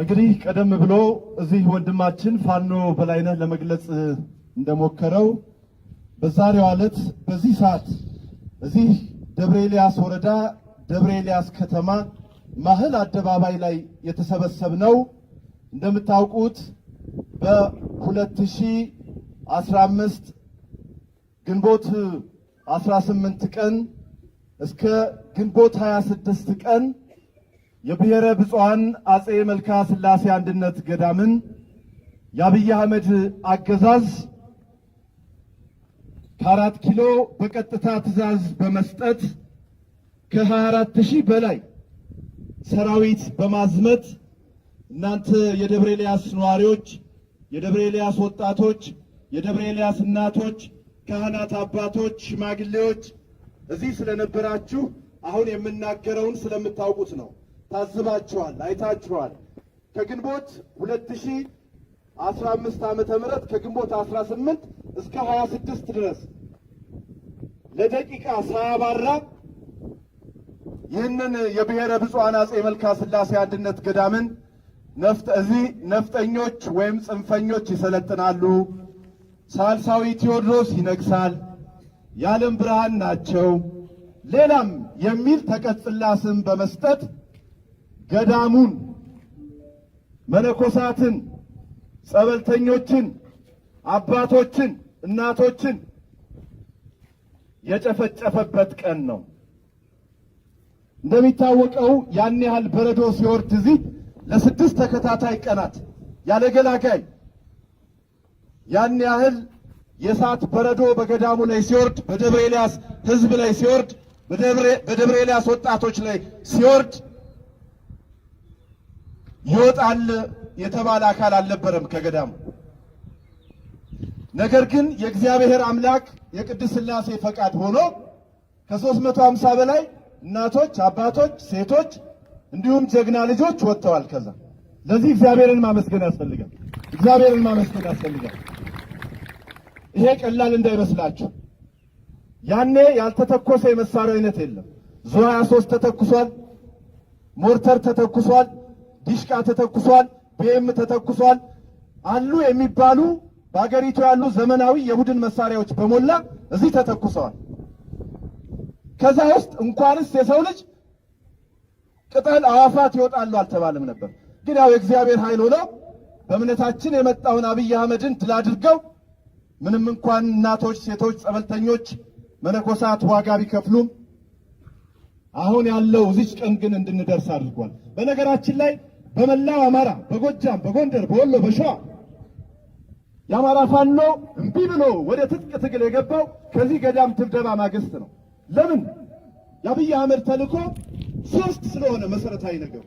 እንግዲህ ቀደም ብሎ እዚህ ወንድማችን ፋኖ በላይነህ ለመግለጽ እንደሞከረው በዛሬው ዕለት በዚህ ሰዓት እዚህ ደብረ ኤልያስ ወረዳ ደብረ ኤልያስ ከተማ ማህል አደባባይ ላይ የተሰበሰብ ነው። እንደምታውቁት በ2015 ግንቦት 18 ቀን እስከ ግንቦት 26 ቀን የብሔረ ብፁዓን አጼ መልካ ስላሴ አንድነት ገዳምን የአብይ አህመድ አገዛዝ ከአራት ኪሎ በቀጥታ ትዕዛዝ በመስጠት ከ24 ሺህ በላይ ሰራዊት በማዝመት እናንተ የደብረ ኤልያስ ነዋሪዎች፣ የደብረ ኤልያስ ወጣቶች፣ የደብረ ኤልያስ እናቶች፣ ካህናት፣ አባቶች፣ ሽማግሌዎች እዚህ ስለነበራችሁ አሁን የምናገረውን ስለምታውቁት ነው። ታዝባችኋል፣ አይታችኋል። ከግንቦት 2015 ዓመተ ምህረት ከግንቦት 18 እስከ 26 ድረስ ለደቂቃ ሳያባራ ይህንን የብሔረ ብፁዓን አፄ መልካ ስላሴ አንድነት ገዳምን እዚህ ነፍጠኞች ወይም ጽንፈኞች ይሰለጥናሉ፣ ሳልሳዊ ቴዎድሮስ ይነግሳል፣ የዓለም ብርሃን ናቸው፣ ሌላም የሚል ተቀጽላ ስም በመስጠት ገዳሙን፣ መነኮሳትን፣ ጸበልተኞችን፣ አባቶችን፣ እናቶችን የጨፈጨፈበት ቀን ነው። እንደሚታወቀው ያን ያህል በረዶ ሲወርድ እዚህ ለስድስት ተከታታይ ቀናት ያለ ገላጋይ ያን ያህል የእሳት በረዶ በገዳሙ ላይ ሲወርድ፣ በደብረ ኤልያስ ሕዝብ ላይ ሲወርድ፣ በደብረ ኤልያስ ወጣቶች ላይ ሲወርድ ይወጣል የተባለ አካል አልነበረም ከገዳሙ። ነገር ግን የእግዚአብሔር አምላክ የቅድስት ሥላሴ ፈቃድ ሆኖ ከ350 በላይ እናቶች፣ አባቶች፣ ሴቶች እንዲሁም ጀግና ልጆች ወጥተዋል። ከዛ ለዚህ እግዚአብሔርን ማመስገን ያስፈልጋል። እግዚአብሔርን ማመስገን ያስፈልጋል። ይሄ ቀላል እንዳይመስላችሁ። ያኔ ያልተተኮሰ የመሳሪያ አይነት የለም። ዙ 23 ተተኩሷል። ሞርተር ተተኩሷል። ዲሽቃ ተተኩሷል፣ ቢኤም ተተኩሷል። አሉ የሚባሉ በሀገሪቱ ያሉ ዘመናዊ የቡድን መሳሪያዎች በሞላ እዚህ ተተኩሰዋል። ከዛ ውስጥ እንኳንስ የሰው ልጅ ቅጠል አዋፋት ይወጣሉ አልተባለም ነበር። ግን ያው የእግዚአብሔር ኃይል ሆነው በእምነታችን የመጣውን አብይ አህመድን ድል አድርገው ምንም እንኳን እናቶች፣ ሴቶች፣ ጸበልተኞች፣ መነኮሳት ዋጋ ቢከፍሉም አሁን ያለው እዚች ቀን ግን እንድንደርስ አድርጓል። በነገራችን ላይ በመላው አማራ በጎጃም፣ በጎንደር፣ በወሎ፣ በሸዋ የአማራ ፋኖ እምቢ ብሎ ወደ ትጥቅ ትግል የገባው ከዚህ ገዳም ድብደባ ማግስት ነው። ለምን? የአብይ አህመድ ተልእኮ ሶስት ስለሆነ መሰረታዊ ነገሩ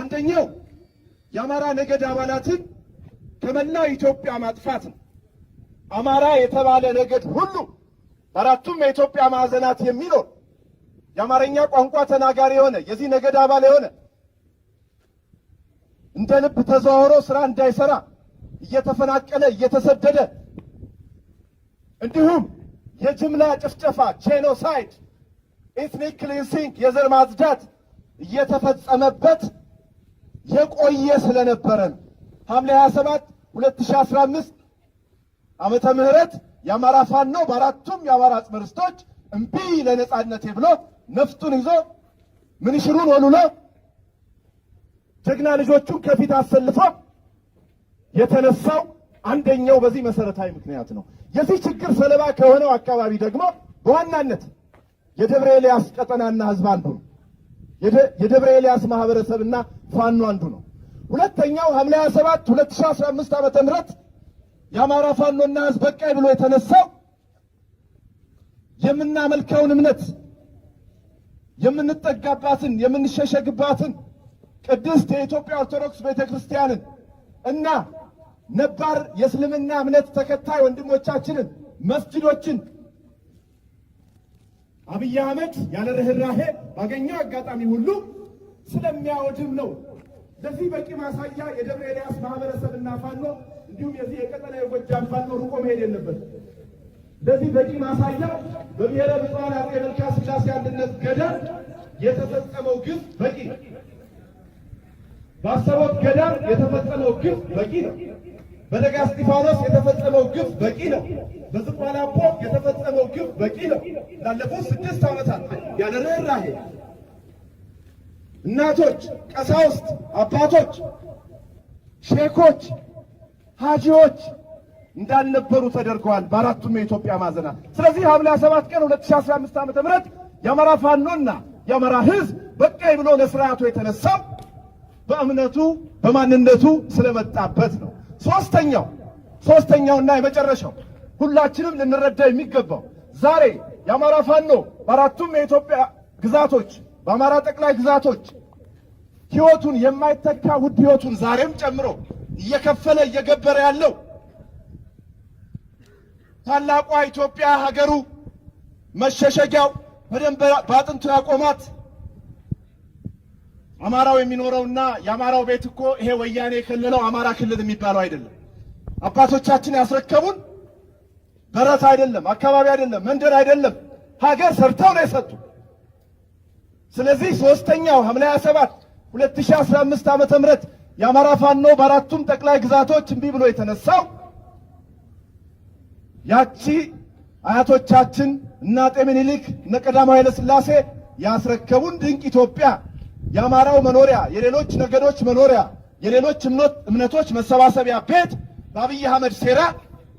አንደኛው የአማራ ነገድ አባላትን ከመላው ኢትዮጵያ ማጥፋት ነው። አማራ የተባለ ነገድ ሁሉ በአራቱም የኢትዮጵያ ማዕዘናት የሚኖር የአማርኛ ቋንቋ ተናጋሪ የሆነ የዚህ ነገድ አባል የሆነ እንደ ልብ ተዘዋውሮ ስራ እንዳይሰራ እየተፈናቀለ እየተሰደደ እንዲሁም የጅምላ ጭፍጨፋ ጄኖሳይድ፣ ኢትኒክ ክሊንሲንግ የዘር ማጽዳት እየተፈጸመበት የቆየ ስለነበረ ነው። ሐምሌ 27 2015 ዓመተ ምህረት የአማራ ፋኖ በአራቱም የአማራ ጽምርስቶች እምቢ ለነጻነቴ ብሎ ነፍጡን ይዞ ምንሽሩን ወሉሎ ጀግና ልጆቹን ከፊት አሰልፎ የተነሳው አንደኛው በዚህ መሰረታዊ ምክንያት ነው። የዚህ ችግር ሰለባ ከሆነው አካባቢ ደግሞ በዋናነት የደብረ ኤልያስ ቀጠናና ህዝብ አንዱ ነው። የደብረ ኤልያስ ማህበረሰብና ፋኖ አንዱ ነው። ሁለተኛው ሐምሌ 27 2015 ዓመተ ምህረት የአማራ ፋኖና ህዝብ በቃይ ብሎ የተነሳው የምናመልከውን እምነት የምንጠጋባትን የምንሸሸግባትን ቅድስት የኢትዮጵያ ኦርቶዶክስ ቤተ ክርስቲያንን እና ነባር የእስልምና እምነት ተከታይ ወንድሞቻችንን መስጅዶችን አብይ አህመድ ያለ ርኅራሄ ባገኘው አጋጣሚ ሁሉ ስለሚያወድም ነው። ለዚህ በቂ ማሳያ የደብረ ኤልያስ ማህበረሰብና ፋኖ እንዲሁም የዚህ የቀጠና የጎጃም ፋኖ ሩቆ መሄድ የለበት። ለዚህ በቂ ማሳያ በብሔረ ብፁዓን አፄ መልካ ስላሴ አንድነት ገዳም የተፈጸመው ግፍ በቂ በአሰቦት ገዳም የተፈጸመው ግፍ በቂ ነው። በደጋ እስጢፋኖስ የተፈጸመው ግፍ በቂ ነው። በዝቋላ አቦ የተፈጸመው ግፍ በቂ ነው። ላለፉት ስድስት ዓመታት ያለ ርኅራኄ እናቶች፣ ቀሳውስት፣ አባቶች፣ ሼኮች፣ ሀጂዎች እንዳልነበሩ ተደርገዋል በአራቱም የኢትዮጵያ ማዕዘናት። ስለዚህ ሐምሌ ሰባት ቀን 2015 ዓ.ም የአማራ ፋኖና የአማራ ህዝብ በቃይ ብሎ ለስርዓቱ የተነሳው በእምነቱ በማንነቱ ስለመጣበት ነው። ሶስተኛው ሶስተኛውና የመጨረሻው ሁላችንም ልንረዳ የሚገባው ዛሬ የአማራ ፋኖ በአራቱም የኢትዮጵያ ግዛቶች በአማራ ጠቅላይ ግዛቶች ህይወቱን የማይተካ ውድ ህይወቱን ዛሬም ጨምሮ እየከፈለ እየገበረ ያለው ታላቋ ኢትዮጵያ ሀገሩ መሸሸጊያው በደንብ በአጥንቱ ያቆማት አማራው የሚኖረውና የአማራው ቤት እኮ ይሄ ወያኔ የከለለው አማራ ክልል የሚባለው አይደለም። አባቶቻችን ያስረከቡን በረት አይደለም፣ አካባቢ አይደለም፣ መንደር አይደለም፣ ሀገር ሰርተው ነው የሰጡ። ስለዚህ ሶስተኛው ሐምሌ 27 2015 ዓመተ ምህረት የአማራ ፋኖ በአራቱም ጠቅላይ ግዛቶች እምቢ ብሎ የተነሳው ያቺ አያቶቻችን እና አጤ ምኒልክ እነ ቀዳማዊ ኃይለ ሥላሴ ያስረከቡን ድንቅ ኢትዮጵያ የአማራው መኖሪያ፣ የሌሎች ነገዶች መኖሪያ፣ የሌሎች እምነቶች መሰባሰቢያ ቤት በአብይ አህመድ ሴራ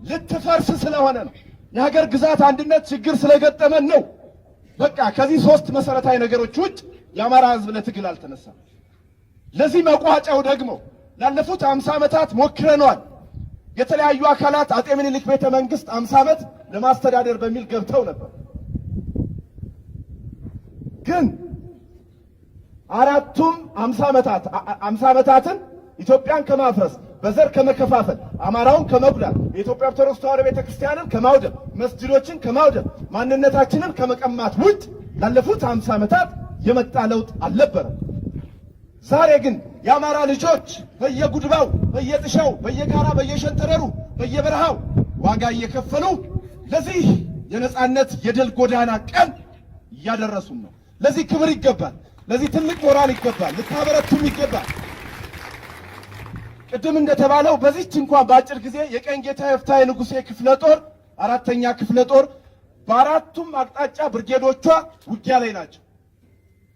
ልትፈርስ ስለሆነ ነው። የሀገር ግዛት አንድነት ችግር ስለገጠመን ነው። በቃ ከዚህ ሶስት መሰረታዊ ነገሮች ውጭ የአማራ ህዝብ ለትግል አልተነሳም። ለዚህ መቋጫው ደግሞ ላለፉት አምሳ ዓመታት ሞክረኗል። የተለያዩ አካላት አጤ ምኒልክ ቤተ መንግስት አምሳ ዓመት ለማስተዳደር በሚል ገብተው ነበር ግን አራቱም አምሳ ዓመታትን ኢትዮጵያን ከማፍረስ በዘር ከመከፋፈል አማራውን ከመጉዳት የኢትዮጵያ ኦርቶዶክስ ተዋሕዶ ቤተክርስቲያንን ከማውደም መስጅዶችን ከማውደም ማንነታችንን ከመቀማት ውጭ ላለፉት አምሳ ዓመታት የመጣ ለውጥ አልነበረም። ዛሬ ግን የአማራ ልጆች በየጉድባው፣ በየጥሻው፣ በየጋራ፣ በየሸንተረሩ፣ በየበረሃው ዋጋ እየከፈሉ ለዚህ የነጻነት የድል ጎዳና ቀን እያደረሱን ነው። ለዚህ ክብር ይገባል። ለዚህ ትልቅ ሞራል ይገባል፣ ልታበረቱም ይገባል። ቅድም እንደተባለው በዚች እንኳን በአጭር ጊዜ የቀኝ ጌታ የፍትሐ ንጉሴ ክፍለ ጦር አራተኛ ክፍለ ጦር በአራቱም አቅጣጫ ብርጌዶቿ ውጊያ ላይ ናቸው።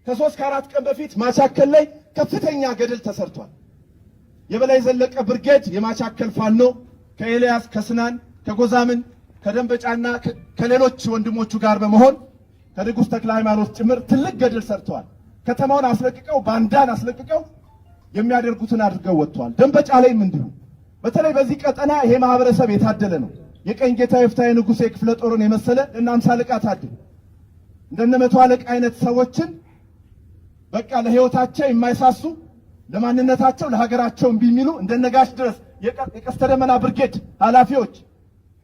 ከሶስት ከአራት ቀን በፊት ማቻከል ላይ ከፍተኛ ገድል ተሰርቷል። የበላይ ዘለቀ ብርጌድ የማቻከል ፋኖ ከኤልያስ ከስናን ከጎዛምን ከደንበጫና ከሌሎች ወንድሞቹ ጋር በመሆን ከንጉሥ ተክለ ሃይማኖት ጭምር ትልቅ ገድል ሰርተዋል። ከተማውን አስለቅቀው ባንዳን አስለቅቀው የሚያደርጉትን አድርገው ወጥተዋል። ደንበጫ ላይም እንዲሁ። በተለይ በዚህ ቀጠና ይሄ ማህበረሰብ የታደለ ነው። የቀኝ ጌታ የፍታ ንጉሥ ክፍለ ጦርን የመሰለ እና አለቃ ታድል እንደነ መቶ አለቃ አይነት ሰዎችን በቃ ለህይወታቸው የማይሳሱ ለማንነታቸው ለሀገራቸው እምቢ የሚሉ እንደነ ድረስ የቀስተ ደመና ብርጌድ ኃላፊዎች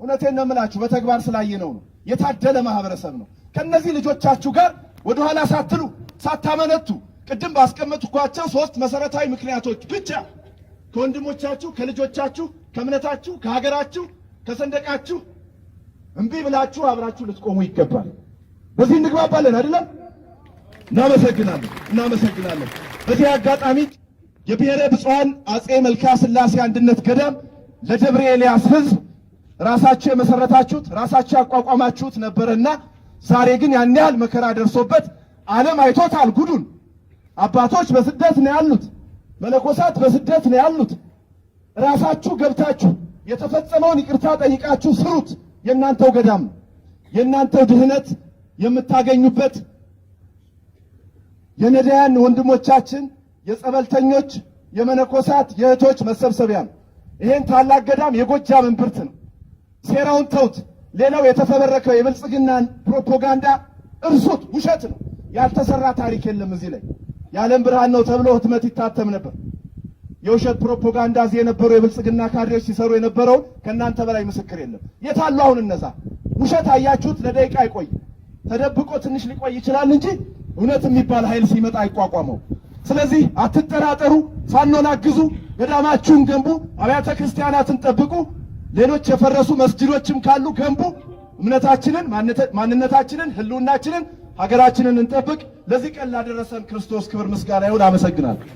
እውነቴን ነው የምላችሁ በተግባር ስላየነው ነው። የታደለ ማህበረሰብ ነው። ከነዚህ ልጆቻችሁ ጋር ወደኋላ ሳትሉ ሳታመነቱ ቅድም ባስቀመጥኳቸው ሶስት መሰረታዊ ምክንያቶች ብቻ ከወንድሞቻችሁ፣ ከልጆቻችሁ፣ ከእምነታችሁ፣ ከሀገራችሁ፣ ከሰንደቃችሁ እምቢ ብላችሁ አብራችሁ ልትቆሙ ይገባል። በዚህ እንግባባለን አይደለም? እናመሰግናለን፣ እናመሰግናለን። በዚህ አጋጣሚ የብሔረ ብፁዓን አጼ መልካ ስላሴ አንድነት ገዳም ለደብረ ኤልያስ ህዝብ ራሳችሁ የመሰረታችሁት ራሳችሁ ያቋቋማችሁት ነበረና ዛሬ ግን ያን ያህል መከራ ደርሶበት ዓለም አይቶታል ጉዱን። አባቶች በስደት ነው ያሉት፣ መነኮሳት በስደት ነው ያሉት። ራሳችሁ ገብታችሁ የተፈጸመውን ይቅርታ ጠይቃችሁ ስሩት። የእናንተው ገዳም የናንተው የእናንተው ድህነት የምታገኙበት የነዳያን ወንድሞቻችን የጸበልተኞች የመነኮሳት የእህቶች መሰብሰቢያ ነው። ይሄን ታላቅ ገዳም የጎጃም እምብርት ነው። ሴራውን ተውት። ሌላው የተፈበረከው የብልጽግናን ፕሮፓጋንዳ እርሱት፣ ውሸት ነው። ያልተሰራ ታሪክ የለም። እዚህ ላይ የዓለም ብርሃን ነው ተብሎ ህትመት ይታተም ነበር። የውሸት ፕሮፓጋንዳ እዚህ የነበሩ የብልጽግና ካድሬዎች ሲሰሩ የነበረውን ከእናንተ በላይ ምስክር የለም። የታሉ አሁን እነዛ? ውሸት አያችሁት፣ ለደቂቃ አይቆይ ተደብቆ ትንሽ ሊቆይ ይችላል እንጂ እውነት የሚባል ኃይል ሲመጣ አይቋቋመው። ስለዚህ አትጠራጠሩ፣ ፋኖን አግዙ፣ ገዳማችሁን ገንቡ፣ አብያተ ክርስቲያናትን ጠብቁ፣ ሌሎች የፈረሱ መስጅዶችም ካሉ ገንቡ። እምነታችንን፣ ማንነታችንን፣ ህልውናችንን ሀገራችንን እንጠብቅ። ለዚህ ቀን ላደረሰን ክርስቶስ ክብር ምስጋና ይሁን። አመሰግናለሁ።